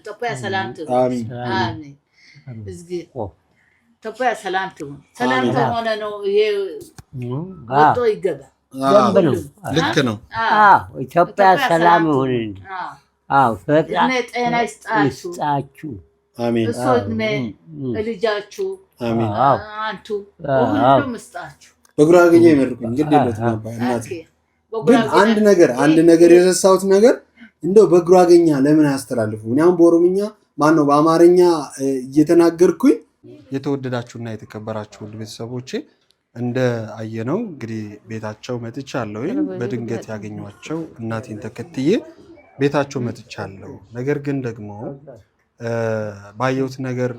ኢትዮጵያ ሰላም ትሁን። አሜን። ኢትዮጵያ ሰላም ትሁን። ሰላም ከሆነ ነው ይሄ ወጥቶ ይገባ። ልክ ነው። ኢትዮጵያ ሰላም ይሁን። ጤና ይስጣችሁ። እሱ እድሜ ልጃችሁ አንቱ ሁሉም በጉራጌኛ ይመርቁኝ። ግድ ግን አንድ ነገር አንድ ነገር የረሳሁት ነገር እንደው በጉራገኛ ለምን አያስተላልፉ? እኒያም በኦሮምኛ ማነው በአማርኛ እየተናገርኩኝ። የተወደዳችሁና የተከበራችሁ ቤተሰቦቼ እንደ አየነው እንግዲህ ቤታቸው መጥቻለሁ። በድንገት ያገኟቸው እናቴን ተከትዬ ቤታቸው መጥቻለሁ። ነገር ግን ደግሞ ባየሁት ነገር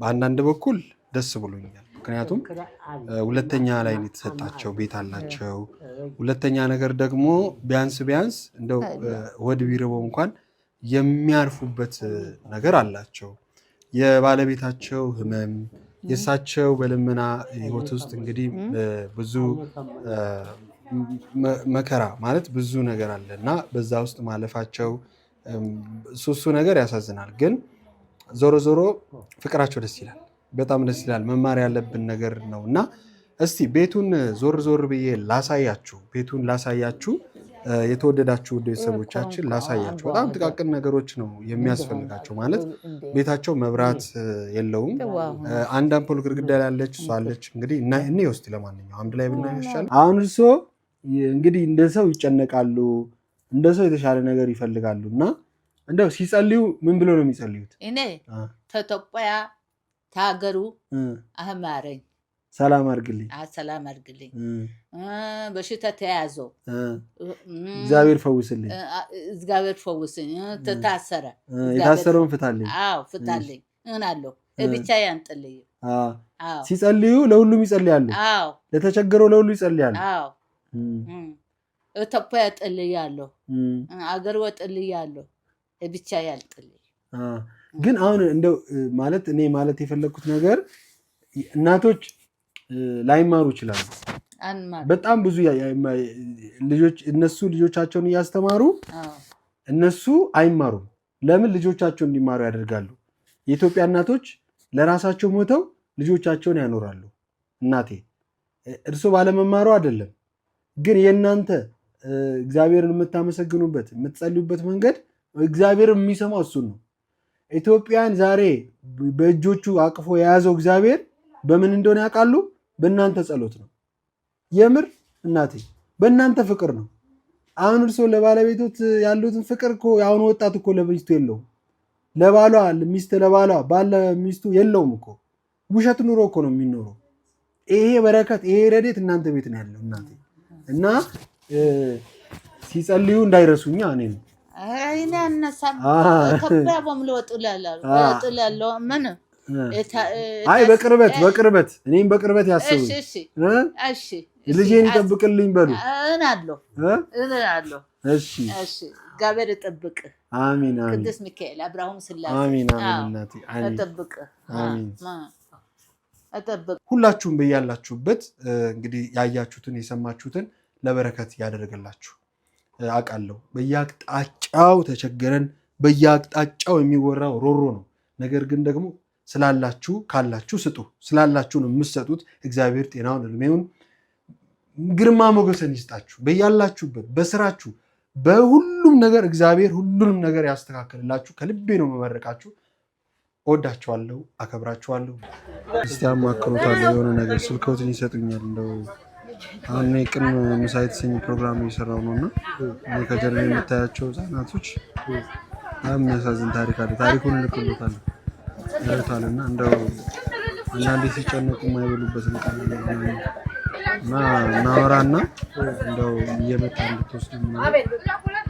በአንዳንድ በኩል ደስ ብሎኛል። ምክንያቱም ሁለተኛ ላይ የተሰጣቸው ቤት አላቸው። ሁለተኛ ነገር ደግሞ ቢያንስ ቢያንስ እንደው ወድ ቢርበው እንኳን የሚያርፉበት ነገር አላቸው። የባለቤታቸው ህመም የእሳቸው በልመና ህይወት ውስጥ እንግዲህ ብዙ መከራ ማለት ብዙ ነገር አለ እና በዛ ውስጥ ማለፋቸው እሱ እሱ ነገር ያሳዝናል። ግን ዞሮ ዞሮ ፍቅራቸው ደስ ይላል። በጣም ደስ ይላል። መማር ያለብን ነገር ነው እና እስቲ ቤቱን ዞር ዞር ብዬ ላሳያችሁ፣ ቤቱን ላሳያችሁ፣ የተወደዳችሁ ውድ ቤተሰቦቻችን ላሳያችሁ። በጣም ጥቃቅን ነገሮች ነው የሚያስፈልጋቸው። ማለት ቤታቸው መብራት የለውም። አንድ አምፖል ግድግዳ ላይ ያለች እሷ አለች። እንግዲህ እኔ ውስጥ ለማንኛው አንድ ላይ ብናይ ይሻላል። አሁን እርስዎ እንግዲህ እንደ ሰው ይጨነቃሉ፣ እንደ ሰው የተሻለ ነገር ይፈልጋሉ እና እንደው ሲጸልዩ ምን ብሎ ነው የሚጸልዩት? እኔ ተጠቆያ ታገሩ አህማረኝ ሰላም አርግልኝ ሰላም አርግልኝ። በሽታ ተያዘው እግዚአብሔር ፈውስልኝ እግዚአብሔር ፈውስኝ። ተታሰረ የታሰረውን ፍታልኝ ፍታልኝ አለው ብቻ ያንጥልኝ። ሲጸልዩ ለሁሉም ይጸልያሉ። ለተቸገረው ለሁሉ ይጸልያሉ። ኢትዮጵያ እጸልያለሁ፣ አገር ወጥልያለሁ። ብቻ ያልጥልኝ ግን አሁን እንደው ማለት እኔ ማለት የፈለግኩት ነገር እናቶች ላይማሩ ይችላሉ። በጣም ብዙ ልጆች እነሱ ልጆቻቸውን እያስተማሩ እነሱ አይማሩም። ለምን ልጆቻቸው እንዲማሩ ያደርጋሉ። የኢትዮጵያ እናቶች ለራሳቸው ሞተው ልጆቻቸውን ያኖራሉ። እናቴ እርስ ባለመማሩ አይደለም፣ ግን የእናንተ እግዚአብሔርን የምታመሰግኑበት የምትጸልዩበት መንገድ እግዚአብሔር የሚሰማው እሱን ነው። ኢትዮጵያን ዛሬ በእጆቹ አቅፎ የያዘው እግዚአብሔር በምን እንደሆነ ያውቃሉ? በእናንተ ጸሎት ነው። የምር እናቴ በእናንተ ፍቅር ነው። አሁን እርሶ ለባለቤቶት ያሉትን ፍቅር እኮ የአሁኑ ወጣት እኮ ለሚስቱ የለውም። ለባሏ ሚስት ለባሏ ባለ ሚስቱ የለውም እኮ ውሸት ኑሮ እኮ ነው የሚኖረው። ይሄ በረከት ይሄ ረዴት እናንተ ቤት ነው ያለው እናቴ እና ሲጸልዩ እንዳይረሱኛ እኔ ነው እኔ አነሳም ከብዳቦም ልወጡ ላለው ምን አይ በቅርበት በቅርበት እኔም በቅርበት ያስቡ ልጄን ይጠብቅልኝ በሉ። እግዚአብሔር ይጠብቅ። አሚን ቅዱስ ሚካኤል አብርሃም ስላሴ አሚን አሚን። ሁላችሁም በያላችሁበት እንግዲህ ያያችሁትን የሰማችሁትን ለበረከት ያደረገላችሁ አውቃለሁ። በየአቅጣጫው ተቸገረን፣ በየአቅጣጫው የሚወራው ሮሮ ነው። ነገር ግን ደግሞ ስላላችሁ ካላችሁ ስጡ። ስላላችሁ ነው የምትሰጡት። እግዚአብሔር ጤናውን እድሜውን ግርማ ሞገስን ይስጣችሁ። በያላችሁበት በስራችሁ በሁሉም ነገር እግዚአብሔር ሁሉንም ነገር ያስተካከልላችሁ። ከልቤ ነው መመረቃችሁ። ወዳችኋለሁ፣ አከብራችኋለሁ። እስቲ አማክሮታለሁ። የሆነ ነገር ስልክዎትን ይሰጡኛል እንደው አሁን ቅን ምሳ የተሰኝ ፕሮግራም እየሰራው ነው እና ከጀርባ የምታያቸው ህጻናቶች በጣም የሚያሳዝን ታሪክ አለ። ታሪኩን ልክሎታል ያሉታል እና እንደው አንዳንዴ ሲጨነቁ የማይበሉበትን ቃል እና እናወራ እና እንደው እየመጣ እንድትወስድ ምናምን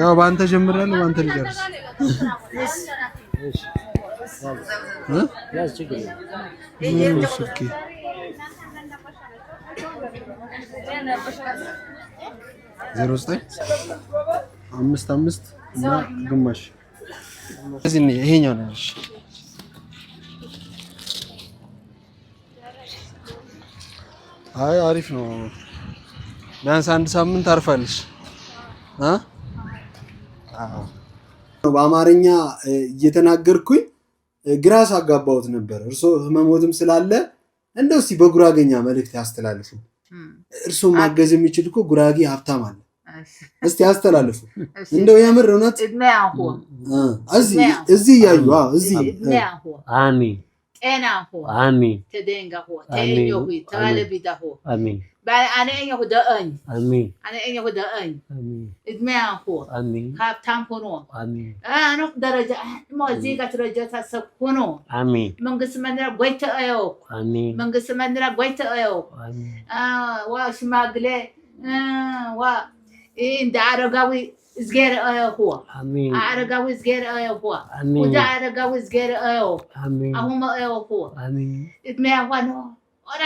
ያው በአንተ ጀምሬያለሁ፣ በአንተ ልጨርስ። ዜሮ ዘጠኝ አምስት አምስት እና ግማሽ እዚህ ይሄኛው ነው። አይ አሪፍ ነው። ቢያንስ አንድ ሳምንት አርፋለች። በአማርኛ እየተናገርኩኝ ግራ ሳጋባሁት ነበር። እርሶ ህመሞትም ስላለ እንደው እስኪ በጉራገኛ መልእክት ያስተላልፉ። እርሶ ማገዝ የሚችል እኮ ጉራጌ ሀብታም አለ። እስቲ ያስተላልፉ። እንደው የምር እውነት እዚህ እያዩ እዚህ አሚ ጤና ሆ አሚ ተደንጋ ሆ ተኞ ሆ ተባለቢዳ ሆ አሚ ባለአነ የሁደአኝ አነ የሁደአኝ እድሜ ያንኮር ሀብታም ሆኖ አኖክ ደረጃ እዚህ ጋ ደረጃ ታሰብ ሆኖ መንግስት መንራ ጎይተአዮ መንግስት መንራ ጎይተአዮ ዋ ሽማግሌ ዋ እንደ አረጋዊ ዝጌር አየኹ አረጋዊ ዝጌር አየኹ ወደ አረጋዊ ዝጌር አየኹ አሁን አየኹ እድሜ ያኳ ኖ ኦራ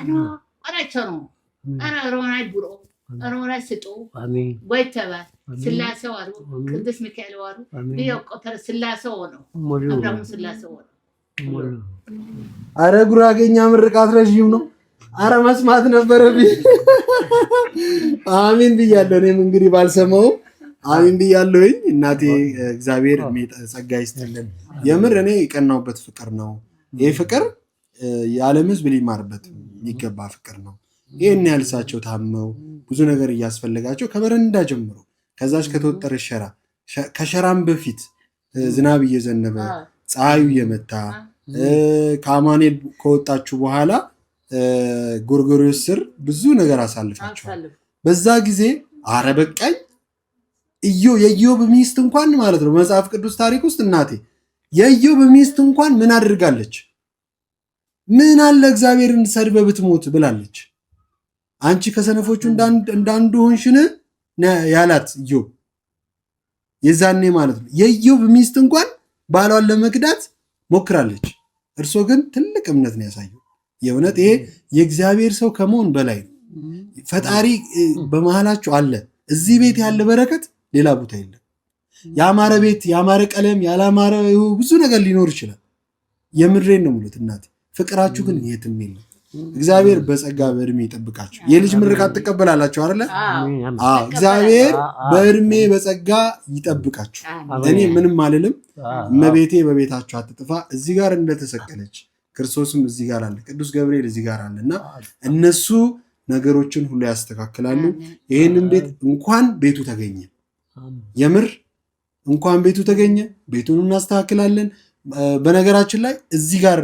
አኖ ቀረቸሮ ቀረ ሮማናይ ቡርኦ ሮማናይ ስጦ ጎይተባ ስላሴ ዋሩ ቅዱስ ሚካኤል ዋሩ ቆተር ስላሴ ሆነው አብርሃም ስላሴ ሆነው አረ ጉራጌኛ ምርቃት ረዥም ነው። አረ መስማት ነበረብኝ። አሚን ብያለሁ። እኔም እንግዲህ ባልሰማው አሚን ብያለሁኝ። እናቴ እግዚአብሔር ጸጋ ይስጥልን። የምር እኔ የቀናውበት ፍቅር ነው ይህ ፍቅር የዓለም ሕዝብ ሊማርበት የሚገባ ፍቅር ነው። ይህን ያልሳቸው ታመው ብዙ ነገር እያስፈለጋቸው ከበረንዳ ጀምሮ ከዛች ከተወጠረ ሸራ ከሸራም በፊት ዝናብ እየዘነበ ፀሐዩ እየመታ ከአማኔል ከወጣችሁ በኋላ ጎርጎሪዎስ ስር ብዙ ነገር አሳልፋቸዋል። በዛ ጊዜ አረ በቃኝ እዮ የኢዮብ ሚስት እንኳን ማለት ነው መጽሐፍ ቅዱስ ታሪክ ውስጥ እናቴ የኢዮብ ሚስት እንኳን ምን አድርጋለች? ምን አለ እግዚአብሔርን ሰድበ ብትሞት ብላለች። አንቺ ከሰነፎቹ እንዳንዱ ሆንሽን ያላት ኢዮብ የዛኔ ማለት ነው። የኢዮብ ሚስት እንኳን ባሏን ለመክዳት ሞክራለች። እርሶ ግን ትልቅ እምነት ነው ያሳየው። የእውነት ይሄ የእግዚአብሔር ሰው ከመሆን በላይ ነው። ፈጣሪ በመሃላችሁ አለ። እዚህ ቤት ያለ በረከት ሌላ ቦታ የለም። ያማረ ቤት፣ ያማረ ቀለም፣ ያላማረ ብዙ ነገር ሊኖር ይችላል። የምድሬን ነው ሙሉት እናቴ ፍቅራችሁ ግን የትም የለም። እግዚአብሔር በጸጋ በእድሜ ይጠብቃችሁ። የልጅ ምርቃት ትቀበላላችሁ አለ እግዚአብሔር በእድሜ በጸጋ ይጠብቃችሁ። እኔ ምንም አልልም። እመቤቴ በቤታችሁ አትጥፋ። እዚህ ጋር እንደተሰቀለች ክርስቶስም እዚህ ጋር አለ፣ ቅዱስ ገብርኤል እዚህ ጋር አለ እና እነሱ ነገሮችን ሁሉ ያስተካክላሉ። ይህንን ቤት እንኳን ቤቱ ተገኘ፣ የምር እንኳን ቤቱ ተገኘ፣ ቤቱን እናስተካክላለን። በነገራችን ላይ እዚህ ጋር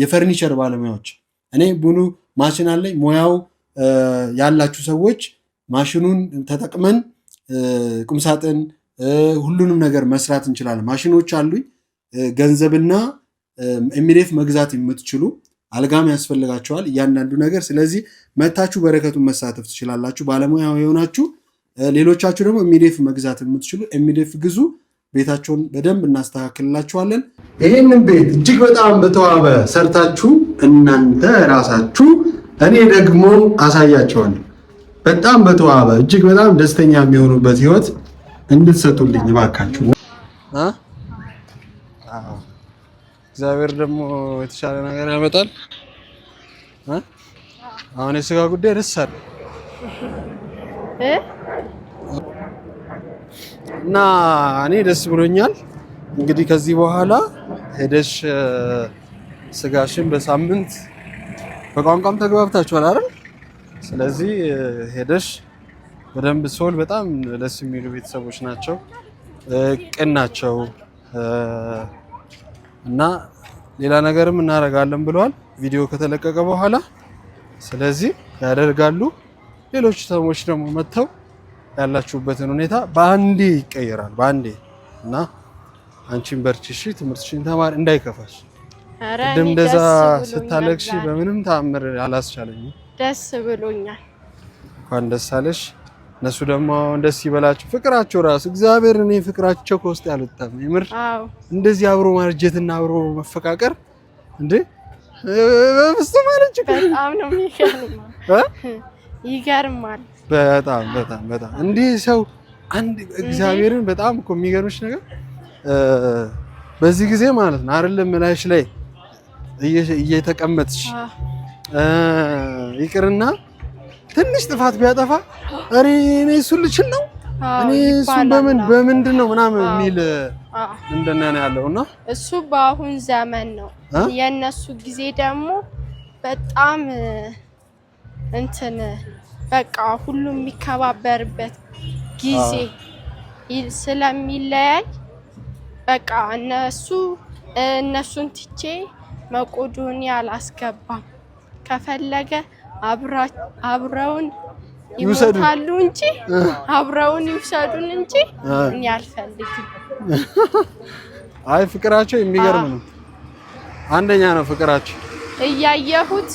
የፈርኒቸር ባለሙያዎች እኔ ቡኑ ማሽን አለኝ ሙያው ያላችሁ ሰዎች ማሽኑን ተጠቅመን ቁምሳጥን ሁሉንም ነገር መስራት እንችላለን። ማሽኖች አሉኝ። ገንዘብና ኤሚሬት መግዛት የምትችሉ አልጋም ያስፈልጋቸዋል እያንዳንዱ ነገር። ስለዚህ መታችሁ በረከቱን መሳተፍ ትችላላችሁ። ባለሙያ የሆናችሁ ሌሎቻችሁ ደግሞ ኤሚሬት መግዛት የምትችሉ ኤሚሬት ግዙ። ቤታቸውን በደንብ እናስተካክልላችኋለን። ይህንን ቤት እጅግ በጣም በተዋበ ሰርታችሁ እናንተ ራሳችሁ እኔ ደግሞ አሳያቸዋለሁ። በጣም በተዋበ እጅግ በጣም ደስተኛ የሚሆኑበት ህይወት እንድትሰጡልኝ እባካችሁ። እግዚአብሔር ደግሞ የተሻለ ነገር ያመጣል። አሁን የስጋ ጉዳይ ደስ አለ እና እኔ ደስ ብሎኛል። እንግዲህ ከዚህ በኋላ ሄደሽ ስጋሽን በሳምንት በቋንቋም ተግባብታችኋል አይደል? ስለዚህ ሄደሽ በደንብ ሶል በጣም ደስ የሚሉ ቤተሰቦች ናቸው፣ ቅን ናቸው እና ሌላ ነገርም እናደርጋለን ብለዋል ቪዲዮ ከተለቀቀ በኋላ። ስለዚህ ያደርጋሉ። ሌሎች ሰዎች ደግሞ መጥተው ያላችሁበትን ሁኔታ በአንዴ ይቀየራል በአንዴ እና አንቺን በርቺ፣ ትምህርትሽን ተማሪ እንዳይከፋሽ። ቅድም እንደዛ ስታለቅሽ በምንም ተአምር አላስቻለኝ። ደስ ብሎኛል። እንኳን ደስ አለሽ። እነሱ ደግሞ ደስ ይበላቸው። ፍቅራቸው ራሱ እግዚአብሔር እኔ ፍቅራቸው ከውስጥ ያልወጣም የምር እንደዚህ አብሮ ማርጀትና አብሮ መፈቃቀር እንዴ በፍጹም በጣም ነው የሚሻለው ይገርማል። በጣም በጣም በጣም እንዲህ ሰው አንድ እግዚአብሔርን በጣም እኮ የሚገርምሽ ነገር በዚህ ጊዜ ማለት ነው አይደለም ላይሽ ላይ እየተቀመጥሽ ይቅርና ትንሽ ጥፋት ቢያጠፋ እኔ እኔ እሱን ልችል ነው እኔ እሱን በምን በምንድን ነው ምናምን የሚል እንደና ነው ያለው። እና እሱ በአሁን ዘመን ነው የእነሱ ጊዜ ደግሞ በጣም እንትን በቃ ሁሉም የሚከባበርበት ጊዜ ስለሚለያይ በቃ እነሱ እነሱን ትቼ መቄዶንያ አላስገባም። ከፈለገ አብረውን ይሞታሉ እንጂ አብረውን ይውሰዱን እንጂ እኔ አልፈልግም። አይ ፍቅራቸው የሚገርም ነው። አንደኛ ነው ፍቅራቸው እያየሁት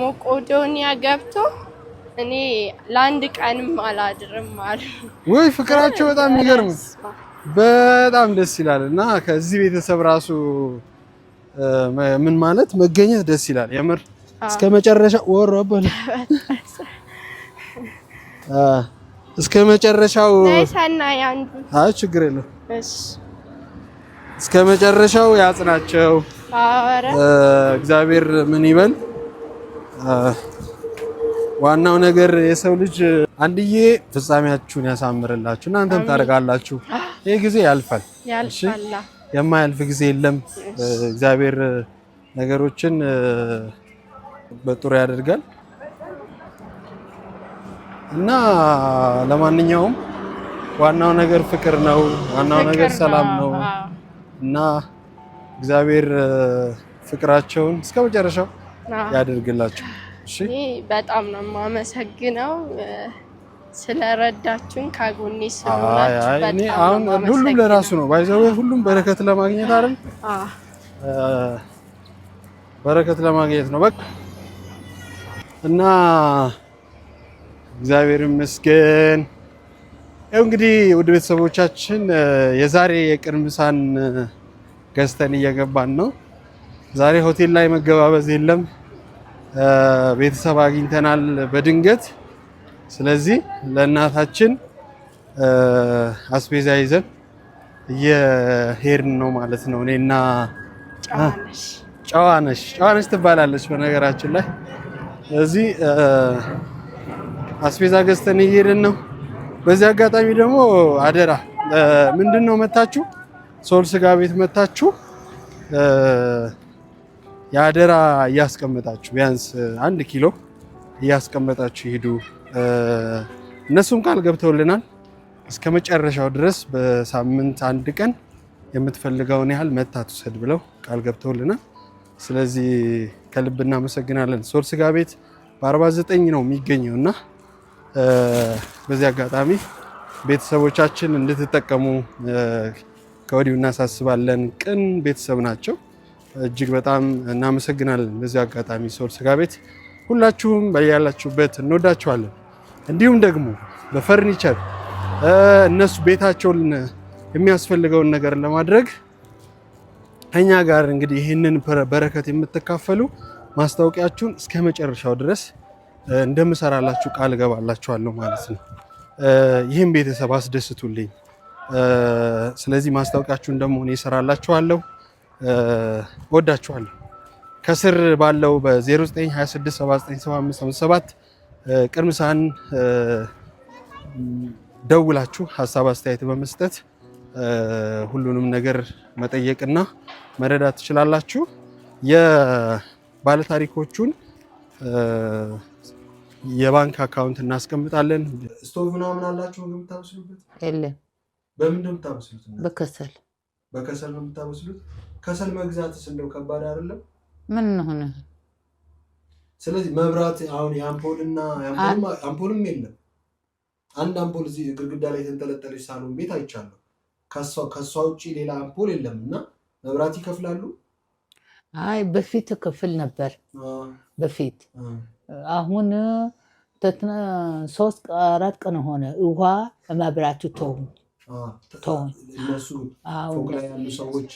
ሞቆዶኒያ ገብቶ እኔ ለአንድ ቀንም አላድርም አለ። ወይ ፍቅራቸው በጣም የሚገርም በጣም ደስ ይላል። እና ከዚህ ቤተሰብ ራሱ ምን ማለት መገኘት ደስ ይላል። የምር እስከ መጨረሻ ወሮበል እስከ መጨረሻው አይ ችግር የለም። እስከ መጨረሻው ያጽናቸው። እግዚአብሔር ምን ይበል ዋናው ነገር የሰው ልጅ አንድዬ ፍጻሜያችሁን ያሳምርላችሁ፣ እናንተም ታደርጋላችሁ። ይህ ጊዜ ያልፋል፣ የማያልፍ ጊዜ የለም። እግዚአብሔር ነገሮችን በጥሩ ያደርጋል እና ለማንኛውም ዋናው ነገር ፍቅር ነው፣ ዋናው ነገር ሰላም ነው እና እግዚአብሔር ፍቅራቸውን እስከ መጨረሻው ያደርግላችሁ። እሺ፣ በጣም ነው የማመሰግነው ስለረዳችሁን ከጎኔ ስለሆናችሁ። አሁን ሁሉም ለራሱ ነው ባይዘው ሁሉም በረከት ለማግኘት አይደል? በረከት ለማግኘት ነው በቃ እና እግዚአብሔር ይመስገን። ያው እንግዲህ ውድ ቤተሰቦቻችን የዛሬ የቅርምሳን ገዝተን እየገባን ነው። ዛሬ ሆቴል ላይ መገባበዝ የለም። ቤተሰብ አግኝተናል በድንገት። ስለዚህ ለእናታችን አስቤዛ ይዘን እየሄድን ነው ማለት ነው። እኔና ጨዋነሽ ጨዋነሽ ትባላለች በነገራችን ላይ እዚህ አስቤዛ ገዝተን እየሄድን ነው። በዚህ አጋጣሚ ደግሞ አደራ ምንድን ነው መታችሁ ሶል ስጋ ቤት መታችሁ የአደራ እያስቀመጣችሁ ቢያንስ አንድ ኪሎ እያስቀመጣችሁ ይሄዱ። እነሱም ቃል ገብተውልናል እስከ መጨረሻው ድረስ በሳምንት አንድ ቀን የምትፈልገውን ያህል መታት ብለው ቃል ገብተውልናል። ስለዚህ ከልብ እናመሰግናለን። ሶል ስጋ ቤት በ49 ነው የሚገኘው እና በዚህ አጋጣሚ ቤተሰቦቻችን እንድትጠቀሙ ከወዲሁ እናሳስባለን። ቅን ቤተሰብ ናቸው። እጅግ በጣም እናመሰግናለን። በዚህ አጋጣሚ ሰውል ስጋ ቤት ሁላችሁም በያላችሁበት እንወዳችኋለን። እንዲሁም ደግሞ በፈርኒቸር እነሱ ቤታቸውን የሚያስፈልገውን ነገር ለማድረግ ከኛ ጋር እንግዲህ ይህንን በረከት የምትካፈሉ ማስታወቂያችሁን እስከ መጨረሻው ድረስ እንደምሰራላችሁ ቃል እገባላችኋለሁ ማለት ነው። ይህም ቤተሰብ አስደስቱልኝ። ስለዚህ ማስታወቂያችሁን ደግሞ እኔ እሰራላችኋለሁ። ወዳችኋለሁ። ከስር ባለው በ0926797557 ቅድም ሳህን ደውላችሁ ሀሳብ አስተያየት በመስጠት ሁሉንም ነገር መጠየቅና መረዳት ትችላላችሁ። የባለታሪኮቹን የባንክ አካውንት እናስቀምጣለን። ስቶቭ ምናምን አላችሁ የምታበስሉበት? የለም። በምንድን ነው የምታበስሉት? በከሰል በከሰል ነው የምታበስሉት? ከሰል መግዛትስ እንደው ከባድ አይደለም? ምን ሆነ? ስለዚህ መብራት አሁን የአምፖልና አምፖልም የለም። አንድ አምፖል እዚህ ግድግዳ ላይ የተንጠለጠለች ሳሎን ቤት አይቻለሁ። ከእሷ ውጭ ሌላ አምፖል የለም። እና መብራት ይከፍላሉ? አይ በፊት ክፍል ነበር በፊት። አሁን ሶስት አራት ቀን ሆነ ውሃ መብራቱ ተው እነሱ ፎቅ ላይ ያሉ ሰዎች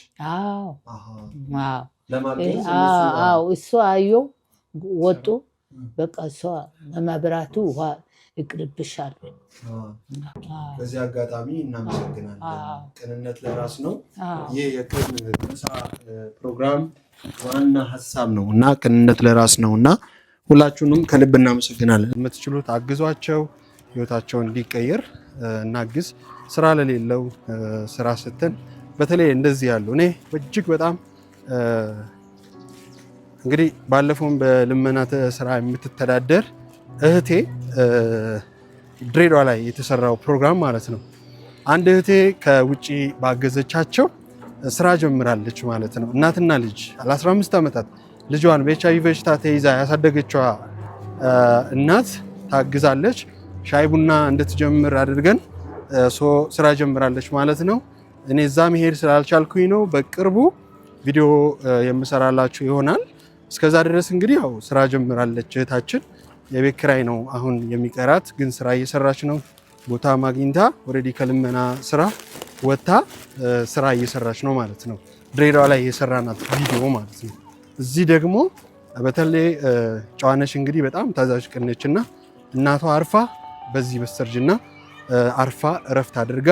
እሷ አየው ወጡ። በቃ እሷ መብራቱ ውሃ ይቅርብሻል። በዚህ አጋጣሚ እናመሰግናለን። ቅንነት ለራስ ነው። ይህ የቅን ምሳ ፕሮግራም ዋና ሀሳብ ነው እና ቅንነት ለራስ ነው እና ሁላችሁንም ከልብ እናመሰግናለን። የምትችሉት አግዟቸው፣ ህይወታቸውን እንዲቀየር እናግዝ። ስራ ለሌለው ስራ ስትል በተለይ እንደዚህ ያሉ እኔ እጅግ በጣም እንግዲህ ባለፈውም በልመና ስራ የምትተዳደር እህቴ ድሬዳዋ ላይ የተሰራው ፕሮግራም ማለት ነው። አንድ እህቴ ከውጭ ባገዘቻቸው ስራ ጀምራለች ማለት ነው። እናትና ልጅ ለ15 ዓመታት ልጇን በኤች አይ ቪ በሽታ ተይዛ ያሳደገችዋ እናት ታግዛለች። ሻይ ቡና እንድትጀምር አድርገን ስራ ጀምራለች ማለት ነው። እኔ እዛ መሄድ ስላልቻልኩኝ ነው። በቅርቡ ቪዲዮ የምሰራላችሁ ይሆናል። እስከዛ ድረስ እንግዲህ ያው ስራ ጀምራለች እህታችን። የቤት ኪራይ ነው አሁን የሚቀራት፣ ግን ስራ እየሰራች ነው። ቦታ ማግኝታ ኦልሬዲ ከልመና ስራ ወጥታ ስራ እየሰራች ነው ማለት ነው። ድሬዳዋ ላይ የሰራናት ቪዲዮ ማለት ነው። እዚህ ደግሞ በተለይ ጨዋነሽ እንግዲህ በጣም ታዛዥ ቅነች እና እናቷ አርፋ በዚህ በስተርጅና አርፋ እረፍት አድርጋ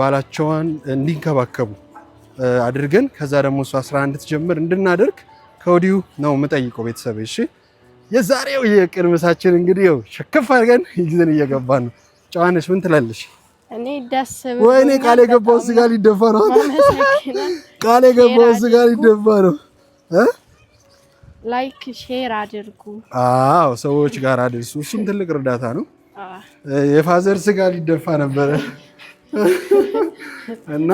ባላቸውን እንዲንከባከቡ አድርገን ከዛ ደግሞ እሷ ስራ እንድትጀምር እንድናደርግ ከወዲሁ ነው የምጠይቀው ቤተሰብ። እሺ የዛሬው የቅን ምሳችን እንግዲህ ው ሸከፍ አድርገን ይዘን እየገባ ነው። ጨዋነሽ ምን ትላለሽ? ወይኔ ቃል የገባው ስጋ ሊደፋ ነው። ቃል የገባው ስጋ ሊደፋ ነው። ላይክ ሼር አድርጉ። አዎ ሰዎች ጋር አድርሱ። እሱም ትልቅ እርዳታ ነው። የፋዘር ስጋ ሊደፋ ነበረ እና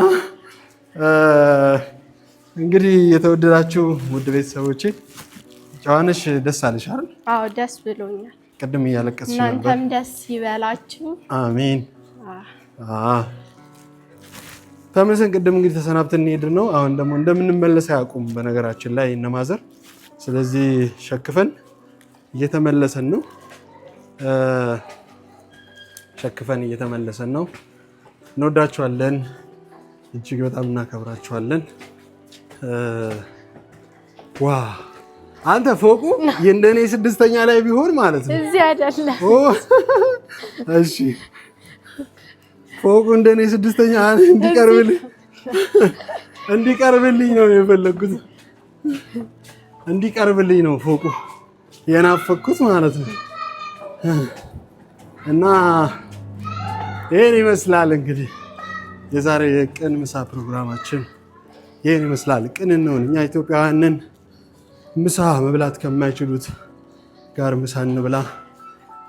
እንግዲህ የተወደዳችሁ ውድ ቤተሰቦቼ ጨዋነሽ ደስ አለሽ አይደል? አዎ ደስ ብሎኛል። ቅድም እያለቀስሽ ነበር። እናንተም ደስ ይበላችሁ። አሜን። ተመልሰን ቅድም እንግዲህ ተሰናብተን እንሄድ ነው። አሁን ደግሞ እንደምንመለስ አያውቁም በነገራችን ላይ እነማዘር። ስለዚህ ሸክፈን እየተመለሰን ነው። ሸክፈን እየተመለሰን ነው። እንወዳችኋለን፣ እጅግ በጣም እናከብራችኋለን። ዋ አንተ ፎቁ የእንደኔ ስድስተኛ ላይ ቢሆን ማለት ነው። እዚህ አይደለ? እሺ ፎቁ እንደኔ ስድስተኛ እንዲቀርብልኝ እንዲቀርብልኝ ነው የፈለግኩት፣ እንዲቀርብልኝ ነው ፎቁ የናፈኩት ማለት ነው እና ይህን ይመስላል እንግዲህ የዛሬ የቅን ምሳ ፕሮግራማችን ይህን ይመስላል። ቅን እንሆን እኛ ኢትዮጵያውያንን ምሳ መብላት ከማይችሉት ጋር ምሳ እንብላ።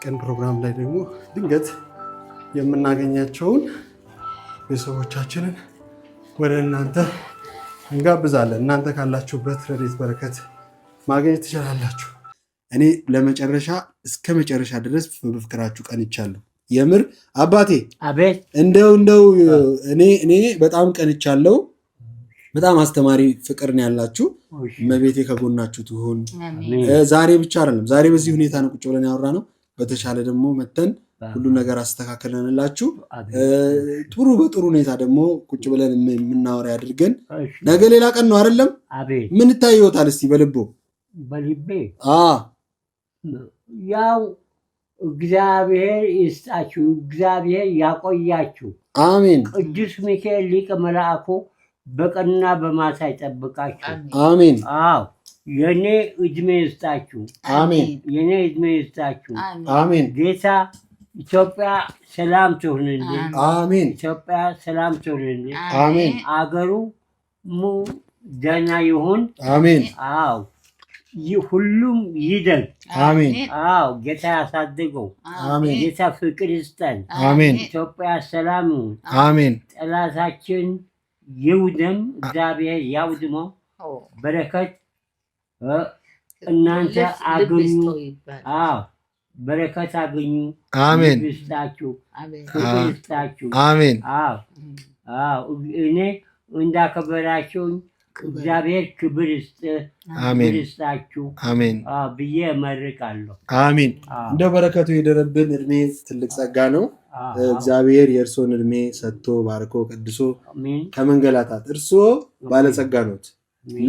ቅን ፕሮግራም ላይ ደግሞ ድንገት የምናገኛቸውን ቤተሰቦቻችንን ወደ እናንተ እንጋብዛለን። እናንተ ካላችሁበት ረድኤት በረከት ማግኘት ትችላላችሁ። እኔ ለመጨረሻ እስከ መጨረሻ ድረስ በፍቅራችሁ ቀንቻለሁ። የምር አባቴ እንደው እንደው እኔ እኔ በጣም ቀንቻለሁ። በጣም አስተማሪ ፍቅር ነው ያላችሁ። እመቤቴ ከጎናችሁ ትሁን። ዛሬ ብቻ አይደለም፣ ዛሬ በዚህ ሁኔታ ነው ቁጭ ብለን ያወራ ነው። በተሻለ ደግሞ መተን ሁሉን ነገር አስተካከለንላችሁ። ጥሩ በጥሩ ሁኔታ ደግሞ ቁጭ ብለን የምናወራ ያድርገን። ነገ ሌላ ቀን ነው አይደለም? ምን ይታየዎታል? እስቲ በልቦ በልቤ ያው እግዚአብሔር ይስጣችሁ፣ እግዚአብሔር ያቆያችሁ። አሜን። ቅዱስ ሚካኤል ሊቀ መልአኩ በቀንና በማታ ይጠብቃችሁ። አሜን። አዎ የእኔ እድሜ ይስጣችሁ። አሜን። የእኔ እድሜ ይስጣችሁ። አሜን። ጌታ ኢትዮጵያ ሰላም ትሁንልን። አሜን። ኢትዮጵያ ሰላም ትሁንልን። አሜን። አገሩ ሙ ደህና ይሁን። አሜን። አዎ ሁሉም ይደግ። አሜን። አዎ ጌታ ያሳድገው። አሜን። ጌታ ፍቅር ይስጠን። አሜን። ኢትዮጵያ ሰላም። አሜን። ጠላታችን ይውደም፣ እግዚአብሔር ያውድመው። በረከት እናንተ አገኙ። አዎ በረከት አገኙ። አሜን። ይስጣችሁ፣ ፍቅር ይስጣችሁ። አሜን። አዎ አዎ እኔ እንዳከበራችሁኝ እግዚአብሔር ክብር ይስጣችሁ ብዬ እመርቃለሁ። አሜን። እንደ በረከቱ የደረብን እድሜ ትልቅ ጸጋ ነው። እግዚአብሔር የእርስዎን እድሜ ሰጥቶ ባርኮ ቀድሶ ከመንገላታት እርስዎ ባለጸጋ ኖት።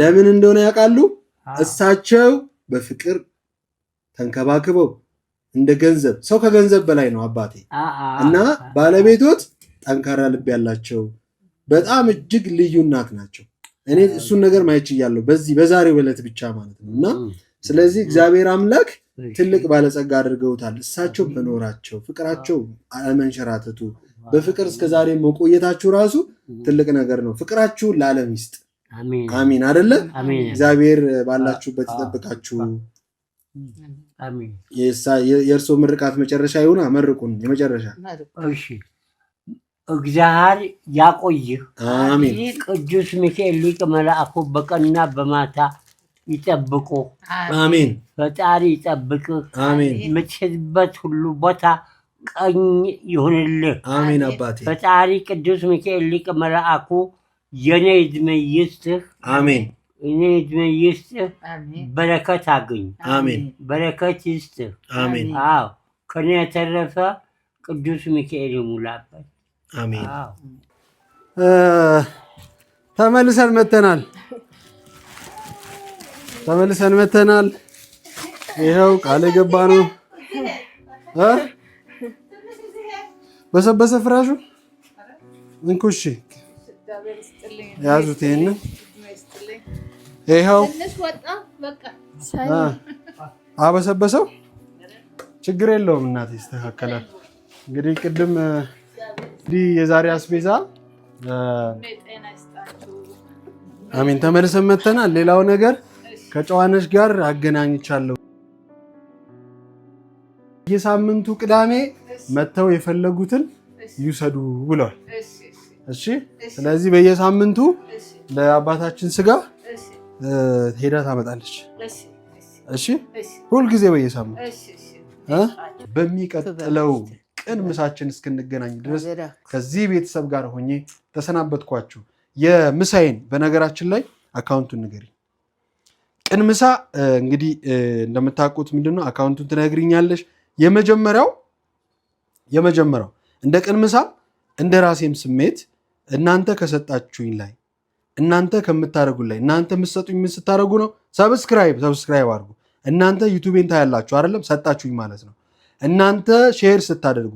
ለምን እንደሆነ ያውቃሉ። እሳቸው በፍቅር ተንከባክበው እንደ ገንዘብ ሰው ከገንዘብ በላይ ነው አባቴ እና ባለቤቶት ጠንካራ ልብ ያላቸው በጣም እጅግ ልዩ እናት ናቸው። እኔ እሱን ነገር ማየች እያለሁ በዚህ በዛሬው ዕለት ብቻ ማለት ነው። እና ስለዚህ እግዚአብሔር አምላክ ትልቅ ባለጸጋ አድርገውታል። እሳቸው በኖራቸው ፍቅራቸው አለመንሸራተቱ፣ በፍቅር እስከ ዛሬ መቆየታችሁ ራሱ ትልቅ ነገር ነው። ፍቅራችሁ ለዓለም ይስጥ። አሚን አደለ? እግዚአብሔር ባላችሁበት ይጠብቃችሁ። የእርሶ ምርቃት መጨረሻ ይሁና። መርቁን የመጨረሻ እግዚአብሔር ያቆይህ። አሜን። ቅዱስ ሚካኤል ሊቀ መላእክቱ በቀንና በማታ ይጠብቁ። አሜን። ፈጣሪ ይጠብቅህ። አሜን። የምትሄድበት ሁሉ ቦታ ቀኝ ይሁንልህ። አሜን። አባቴ ፈጣሪ ቅዱስ ሚካኤል ሊቀ መላእክቱ የኔ ዕድሜ ይስጥህ። አሜን። እኔ ዕድሜ ይስጥህ። በረከት አግኝ። አሜን። በረከት ይስጥህ። አሜን። አዎ ከኔ የተረፈ ቅዱስ ሚካኤል ይሙላበት። አሜን። ተመልሰን መተናል። ተመልሰን መተናል። ይኸው ቃል የገባ ነው። በሰበሰ ፍራሹ እንኩሽ ያዙት። ይህን ይኸው አበሰበሰው። ችግር የለውም እናቴ፣ ይስተካከላል። እንግዲህ ቅድም እንግዲህ የዛሬ አስቤዛ አሜን። ተመልሰን መተናል። ሌላው ነገር ከጨዋነች ጋር አገናኝቻለሁ። የሳምንቱ ቅዳሜ መጥተው የፈለጉትን ይውሰዱ ብሏል። እሺ፣ ስለዚህ በየሳምንቱ ለአባታችን ስጋ ሄዳ ታመጣለች። እሺ፣ ሁልጊዜ በየሳምንቱ በሚቀጥለው ቅን ምሳችን እስክንገናኝ ድረስ ከዚህ ቤተሰብ ጋር ሆኜ ተሰናበትኳችሁ። የምሳይን በነገራችን ላይ አካውንቱን ንገሪ። ቅን ምሳ እንግዲህ እንደምታውቁት ምንድነው አካውንቱን ትነግርኛለሽ። የመጀመሪያው የመጀመሪያው እንደ ቅን ምሳ እንደ ራሴም ስሜት እናንተ ከሰጣችሁኝ ላይ እናንተ ከምታደርጉ ላይ እናንተ የምትሰጡኝ ምን ስታደርጉ ነው? ሰብስክራይብ ሰብስክራይብ አድርጉ። እናንተ ዩቱቤን ታያላችሁ አይደለም? ሰጣችሁኝ ማለት ነው። እናንተ ሼር ስታደርጉ፣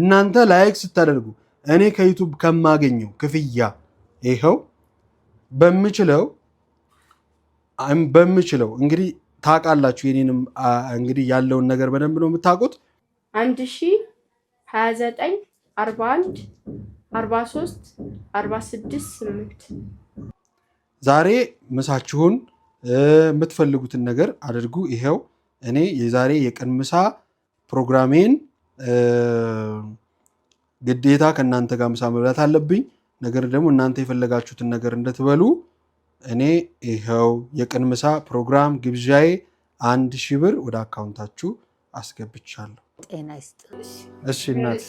እናንተ ላይክ ስታደርጉ እኔ ከዩቱብ ከማገኘው ክፍያ ይኸው በምችለው በምችለው እንግዲህ ታውቃላችሁ። የኔንም እንግዲህ ያለውን ነገር በደንብ ነው የምታውቁት። አንድ ሺ ሀያ ዘጠኝ አርባ አንድ አርባ ሶስት አርባ ስድስት ስምንት ዛሬ ምሳችሁን የምትፈልጉትን ነገር አድርጉ። ይኸው እኔ የዛሬ የቀን ምሳ ፕሮግራሜን ግዴታ ከእናንተ ጋር ምሳ መብላት አለብኝ። ነገር ደግሞ እናንተ የፈለጋችሁትን ነገር እንድትበሉ እኔ ይኸው የቀን ምሳ ፕሮግራም ግብዣዬ አንድ ሺህ ብር ወደ አካውንታችሁ አስገብቻለሁ። ጤና ይስጥልሽ። እሺ እናት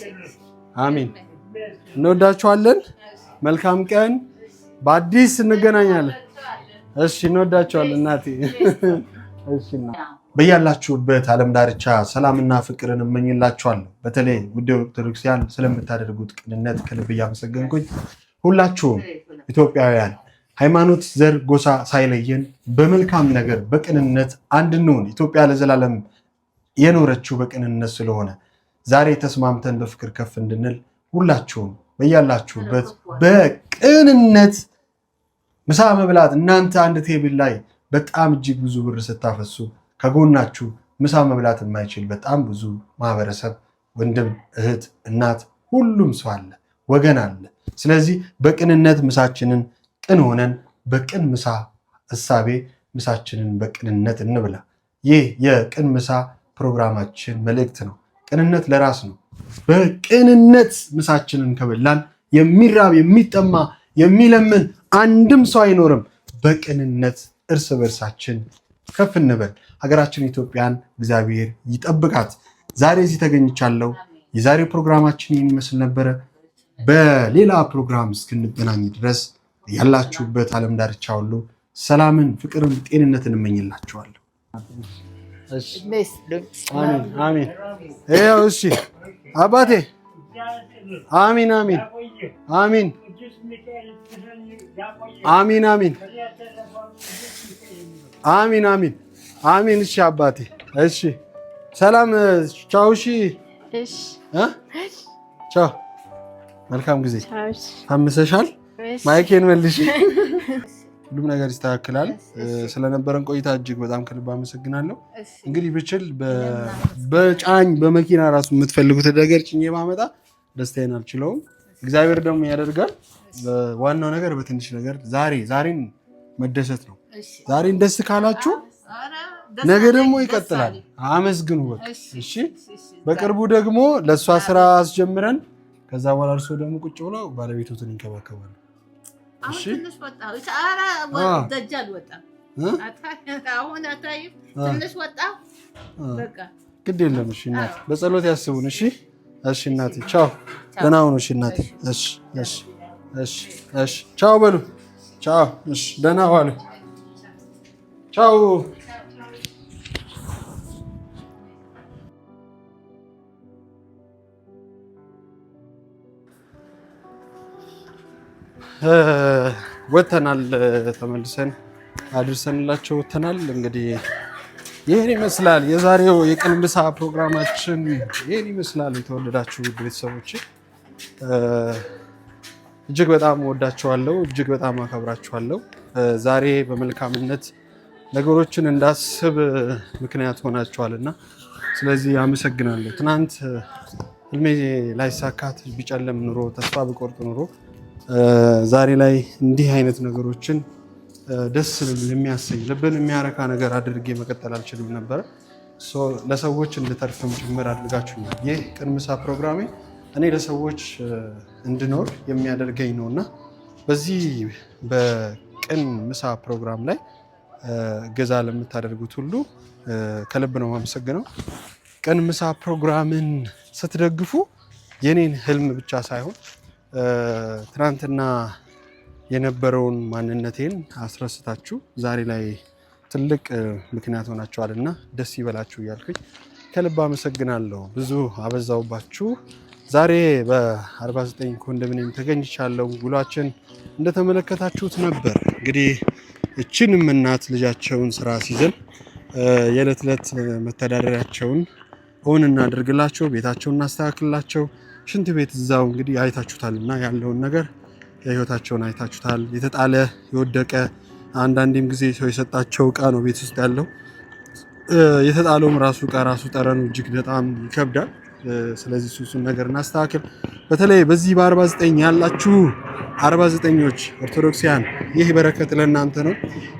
አሚን። እንወዳችኋለን። መልካም ቀን። በአዲስ እንገናኛለን። እሺ እንወዳችኋለን እናቴ። እሺ በያላችሁበት ዓለም ዳርቻ ሰላምና ፍቅርን እመኝላችኋለሁ። በተለይ ውድ ኦርቶዶክሲያን ስለምታደርጉት ቅንነት ከልብ እያመሰገንኩኝ ሁላችሁም ኢትዮጵያውያን ሃይማኖት፣ ዘር፣ ጎሳ ሳይለየን በመልካም ነገር በቅንነት አንድንሆን ኢትዮጵያ ለዘላለም የኖረችው በቅንነት ስለሆነ ዛሬ ተስማምተን በፍቅር ከፍ እንድንል ሁላችሁም በያላችሁበት በቅንነት ምሳ መብላት እናንተ አንድ ቴብል ላይ በጣም እጅግ ብዙ ብር ስታፈሱ ከጎናችሁ ምሳ መብላት የማይችል በጣም ብዙ ማህበረሰብ፣ ወንድም፣ እህት፣ እናት ሁሉም ሰው አለ፣ ወገን አለ። ስለዚህ በቅንነት ምሳችንን ቅን ሆነን በቅን ምሳ እሳቤ ምሳችንን በቅንነት እንብላ። ይህ የቅን ምሳ ፕሮግራማችን መልእክት ነው። ቅንነት ለራስ ነው። በቅንነት ምሳችንን ከበላን የሚራብ የሚጠማ የሚለምን አንድም ሰው አይኖርም። በቅንነት እርስ በርሳችን ከፍ እንበል። ሀገራችን ኢትዮጵያን እግዚአብሔር ይጠብቃት። ዛሬ እዚህ ተገኝቻለሁ። የዛሬው ፕሮግራማችን የሚመስል ነበረ። በሌላ ፕሮግራም እስክንገናኝ ድረስ ያላችሁበት ዓለም ዳርቻ ሁሉ ሰላምን፣ ፍቅርን፣ ጤንነትን እመኝላችኋለሁ። እሺ አባቴ አሚን አሚን አሚን አሚን አሚን አሚን አሚን አሚን። እሺ አባቴ። እሺ ሰላም። ቻው። እሺ እሺ። ቻው። መልካም ጊዜ። አምሰሻል። ማይኬን መልሽ። ሁሉም ነገር ይስተካከላል። ስለነበረን ቆይታ እጅግ በጣም ከልብ አመሰግናለሁ። እንግዲህ ብችል በጫኝ በመኪና ራሱ የምትፈልጉት ነገር ጭኜ ማመጣ ደስታዬን አልችለውም። እግዚአብሔር ደግሞ ያደርጋል። ዋናው ነገር በትንሽ ነገር ዛሬ ዛሬን መደሰት ነው። ዛሬን ደስ ካላችሁ ነገ ደግሞ ይቀጥላል። አመስግኑ በቃ እሺ። በቅርቡ ደግሞ ለእሷ ስራ አስጀምረን ከዛ በኋላ እርሶ ደግሞ ቁጭ ብሎ ባለቤቶትን ይንከባከባሉ። እሺ ግድ የለም። እሺ እናቴ በጸሎት ያስቡን። እሺ እሺ እናቴ ቻው፣ ደህና ሁኑ። እሺ እናቴ እሺ እሺ እሺ እሺ ቻው በሉ። ቻው እሺ፣ ደህና ዋሉ። ቻው ወተናል ተመልሰን አድርሰንላቸው ወተናል። እንግዲህ ይህን ይመስላል የዛሬው የቅልምሳ ፕሮግራማችን ይህን ይመስላል። የተወለዳችሁ ቤተሰቦች እጅግ በጣም ወዳችኋለሁ፣ እጅግ በጣም አከብራችኋለሁ። ዛሬ በመልካምነት ነገሮችን እንዳስብ ምክንያት ሆናችኋል እና ስለዚህ አመሰግናለሁ። ትናንት ህልሜ ላይሳካት ቢጨለም ኑሮ ተስፋ ብቆርጥ ኑሮ ዛሬ ላይ እንዲህ አይነት ነገሮችን ደስ የሚያሰኝ ልብን የሚያረካ ነገር አድርጌ መቀጠል አልችልም ነበረ። ለሰዎች እንድተርፍም ጭምር አድርጋችሁኛል። ይህ ቅን ምሳ ፕሮግራሜ እኔ ለሰዎች እንድኖር የሚያደርገኝ ነው እና በዚህ በቅን ምሳ ፕሮግራም ላይ ገዛ ለምታደርጉት ሁሉ ከልብ ነው የማመሰግነው። ቅን ምሳ ፕሮግራምን ስትደግፉ የኔን ህልም ብቻ ሳይሆን ትናንትና የነበረውን ማንነቴን አስረስታችሁ ዛሬ ላይ ትልቅ ምክንያት ሆናችኋል እና ደስ ይበላችሁ እያልኩኝ ከልብ አመሰግናለሁ። ብዙ አበዛውባችሁ። ዛሬ በ49 ኮንዶሚኒየም ተገኝቻለሁ። ውሏችን እንደተመለከታችሁት ነበር። እንግዲህ እችንም እናት ልጃቸውን ስራ ሲዘን የዕለት ዕለት መተዳደሪያቸውን እውን እናደርግላቸው፣ ቤታቸውን እናስተካክልላቸው ሽንት ቤት እዛው እንግዲህ አይታችሁታል እና ያለውን ነገር የህይወታቸውን አይታችሁታል። የተጣለ የወደቀ አንዳንዴም ጊዜ ሰው የሰጣቸው እቃ ነው ቤት ውስጥ ያለው። የተጣለውም ራሱ እቃ ራሱ ጠረኑ እጅግ በጣም ይከብዳል። ስለዚህ ሱሱን ነገር እናስተካክል። በተለይ በዚህ በ49 ያላችሁ 49ኞች ኦርቶዶክሲያን ይህ በረከት ለእናንተ ነው።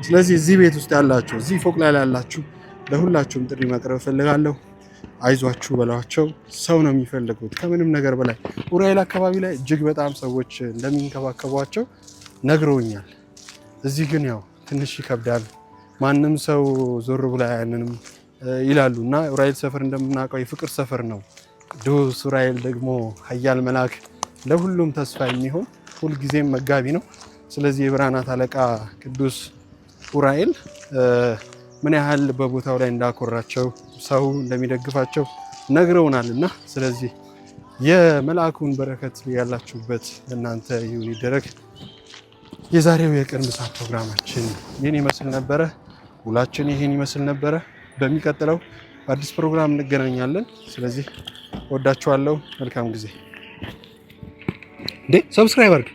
ስለዚህ እዚህ ቤት ውስጥ ያላችሁ፣ እዚህ ፎቅ ላይ ያላችሁ ለሁላችሁም ጥሪ ማቅረብ እፈልጋለሁ። አይዟችሁ በላቸው። ሰው ነው የሚፈልጉት ከምንም ነገር በላይ ኡራኤል አካባቢ ላይ እጅግ በጣም ሰዎች እንደሚንከባከቧቸው ነግረውኛል። እዚህ ግን ያው ትንሽ ይከብዳል። ማንም ሰው ዞር ብላ አያንንም ይላሉ እና ኡራኤል ሰፈር እንደምናውቀው የፍቅር ሰፈር ነው። ቅዱስ ኡራኤል ደግሞ ኃያል መልአክ ለሁሉም ተስፋ የሚሆን ሁልጊዜም መጋቢ ነው። ስለዚህ የብርሃናት አለቃ ቅዱስ ኡራኤል ምን ያህል በቦታው ላይ እንዳኮራቸው ሰው እንደሚደግፋቸው ነግረውናል እና ስለዚህ የመልአኩን በረከት ያላችሁበት እናንተ ይሁን ይደረግ። የዛሬው የቀን ምሳ ፕሮግራማችን ይህን ይመስል ነበረ። ውላችን ይህን ይመስል ነበረ። በሚቀጥለው አዲስ ፕሮግራም እንገናኛለን። ስለዚህ ወዳችኋለሁ። መልካም ጊዜ። እንዴ ሰብስክራይብ አርግ፣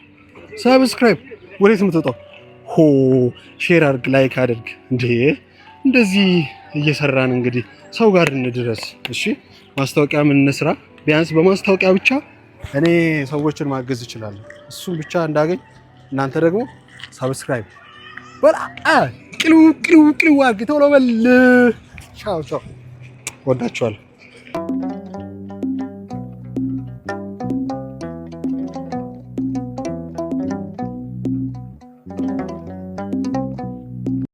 ሰብስክራይብ ወዴት የምትወጣው? ሆ ሼር አርግ፣ ላይክ አድርግ። እንዴ እንደዚህ እየሰራን እንግዲህ ሰው ጋር እንድረስ። እሺ ማስታወቂያ ምን እንስራ? ቢያንስ በማስታወቂያ ብቻ እኔ ሰዎችን ማገዝ እችላለሁ። እሱን ብቻ እንዳገኝ እናንተ ደግሞ ሰብስክራይብ በላ ቅሉ ቅሉ ቅሉ አድርግ። ቶሎ በል። ቻው ቻው። ወዳችኋለሁ።